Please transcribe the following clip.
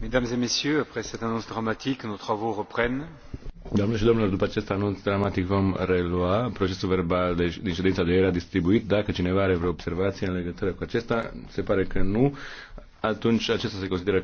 Mesdames et messieurs, après cette annonce dramatique, nos travaux reprennent. Doamnelor și domnilor, după acest anunț dramatic vom relua procesul verbal de, din ședința de ieri a distribuit. Dacă cineva are vreo observație în legătură cu acesta, se pare că nu, atunci acesta se consideră